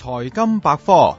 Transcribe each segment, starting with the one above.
財金百科。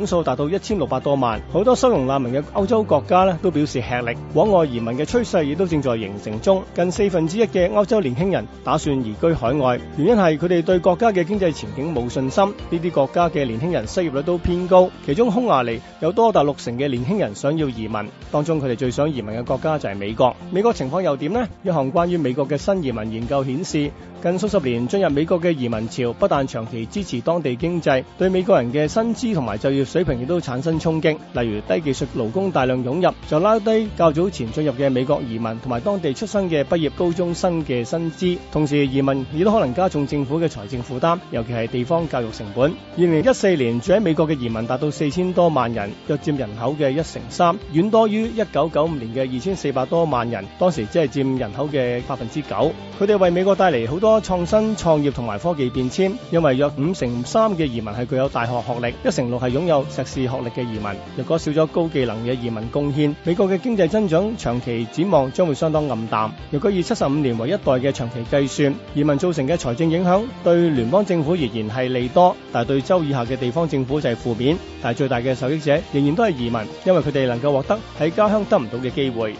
總數達到一千六百多萬，好多收容難民嘅歐洲國家咧都表示吃力，往外移民嘅趨勢亦都正在形成中。近四分之一嘅歐洲年輕人打算移居海外，原因係佢哋對國家嘅經濟前景冇信心。呢啲國家嘅年輕人失業率都偏高，其中匈牙利有多達六成嘅年輕人想要移民，當中佢哋最想移民嘅國家就係美國。美國情況又點呢？一項關於美國嘅新移民研究顯示，近數十年進入美國嘅移民潮不但長期支持當地經濟，對美國人嘅薪資同埋就業。水平亦都產生衝擊，例如低技術勞工大量湧入，就拉低較早前進入嘅美國移民同埋當地出生嘅畢業高中生嘅薪資。同時，移民亦都可能加重政府嘅財政負擔，尤其係地方教育成本。二零一四年住喺美國嘅移民達到四千多萬人，約佔人口嘅一成三，遠多於一九九五年嘅二千四百多萬人，當時只係佔人口嘅百分之九。佢哋為美國帶嚟好多創新、創業同埋科技變遷，因為約五成三嘅移民係具有大學學歷，一成六係擁有。碩士學歷嘅移民，若果少咗高技能嘅移民貢獻，美國嘅經濟增長長期展望將會相當暗淡。若果以七十五年為一代嘅長期計算，移民造成嘅財政影響對聯邦政府而言係利多，但係對州以下嘅地方政府就係負面。但係最大嘅受益者仍然都係移民，因為佢哋能夠獲得喺家鄉得唔到嘅機會。